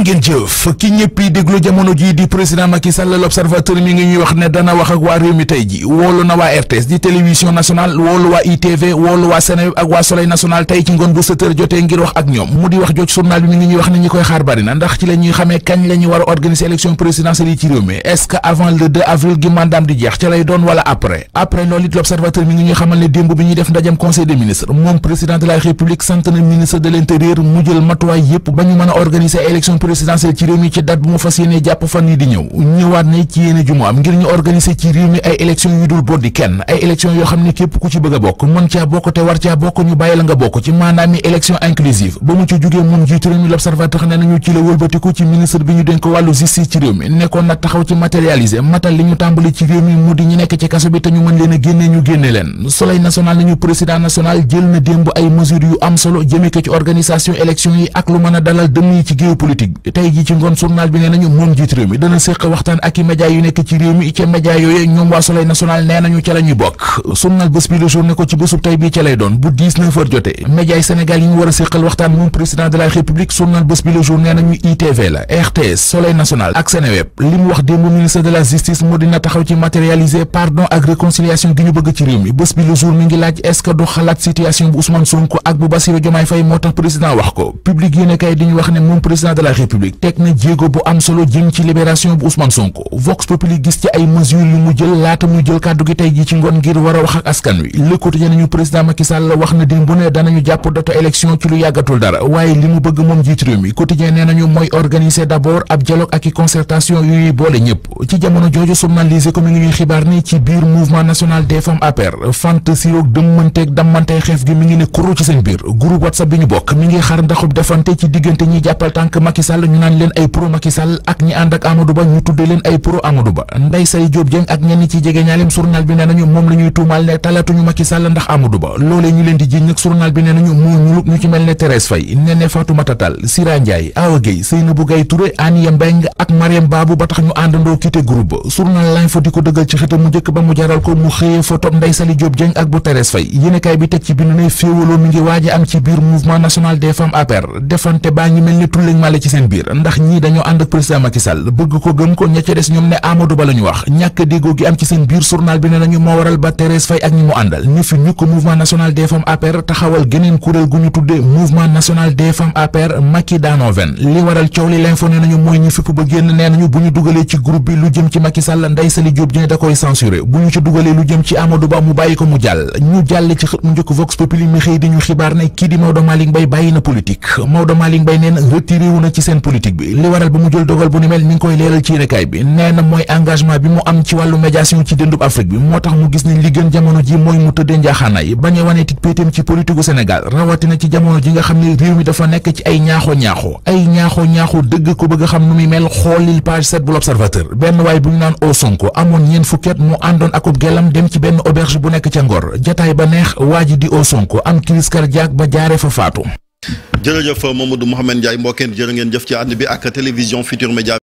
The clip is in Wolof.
jërë ki ñëpp déglu jamono ji di président Macky Sall l'observateur mi ngi ñuy wax ne dana wax ak waa réew mi tey ji woolu na waa RTS di télévision nationale woolu waa ITV woolu waa Seneweb ak waa Soleil national tey ci ngoon bu sept heures jotee ngir wax ak ñoom mu di wax jooj journal bi mi ngi ñuy wax ne ñi koy xaar bari ndax ci la ñuy kañ la war a organiser élection yi ci réew mi est avant le avril gi mandaam di jeex ca lay doon wala après présidentielle ci réew mi ci date bu mu fas yéene jàpp fan yi di ñëw ñëwaat na ci yéene ju am ngir ñu organiser ci réew mi ay élection yu dul boddi kenn ay élection yoo xam ne képp ku ci bëgg a bokk mën caa bokk te war caa bokk ñu bàyyi la nga bokk ci maanaam élection inclusive ba mu ci jógee moom jiitu réew mi l'observateur ne nañu ci la wëlbatiku ci ministre bi ñu dénk wàllu justice ci réew mi nekkoon na taxaw ci matérialiser matal li ñu tàmbali leen a génnee ñu génne leen soleil solo jëmee ko ci ak a dalal dëmm tey jii ci ngoon journal bi nee nañu moom jiit réew mi dana séq waxtaan ak i média yu nekk ci réew mi ca média yooyu ñoom waa soleil national nee nañu ca la bokk journal bés bi le ne ko ci bésub tey bii ca lay doon bu 19 heures jotee média yi ñu war a séqal waxtaan moom président de la république journal bés bi le nee nañu ITV la RTS soleil national ak Seneweb li mu wax démb ministre de la justice moo dina taxaw ci matérialiser république teg na jéego bu am solo jëm ci libération bu Ousmane Sonko Vox Populi gis ci ay mesures yu mu jël laata muy jël kàddu gi tey ji ci ngoon ngir war a wax ak askan wi Le Quotidien nañu président Macky Sall wax na démb ne danañu jàpp datu élection ci lu yàggatul dara waaye li mu bëgg moom jiit réew mi Quotidien nañu mooy organiser d'abord ab dialogue ak i concertation yuy boole ñëpp ci jamono jooju journalisé ko mi ngi ñuy xibaar ni ci biir mouvement national Sall ñu naan leen ay pro Macky Sall di ko dëggal ci xëta mu njëkk ba mu jaral ko mu xëyee fa top Ndeye Saly Diop ak bu Thérèse Faye yéenekaay bi teg ci bind féewaloo mi ngi waaj a am ci biir mouvement national des femmes APR defante baa ngi mel ne tulleeg ci seen ndax ñii dañoo ànd ak président Macky bëgg ko gëm ko ña ca ñoom ne Amadou Ba la wax ñàkk déggoo gi am ci seen biir journal bi ne nañu moo waral ba Thérèse Faye ak ñi mu àndal ñu fi ñu mouvement national des femmes taxawal geneen kuréel gu ñu tuddee mouvement national des femmes APR daanoo ven li waral coow li l'info ne nañu mooy ñu fipp ba génn nee nañu bu ñu dugalee ci groupe bi lu jëm ci Macky Sall Ndeye Saly Diop da ne kii di seen politique bi li waral ba mu jël dogal bu ni mel mi ngi koy leeral ci rekaay bi nee na mooy engagement bi mu am ci wàllu médiation ci dëndub Afrique bi moo tax mu gis ne li gën jamono ji mooy mu tëddee njaaxaanaay bañ a wane tit péetam ci politique gu Sénégal rawatina jamono ji nga xam ne réew mi dafa nekk ci ay ñaaxoo ñaaxoo ay ñaaxoo ñaaxoo dëgg ko bëgg a xam nu muy mel xoolil page 7 bu l'observateur benn waay bu ñu naan o Sonko amoon ñeen fukki at mu àndoon akub dem ci benn auberge bu nekk ca Ngor jataay ba neex waa ji di o Sonko am crise cardiaque ba jaaree fa faatu jërëjëf Mamadou Mouhamed Ndiaye mbokkeen jërë ngeen jëf ci ànd bi ak télévision Futur Média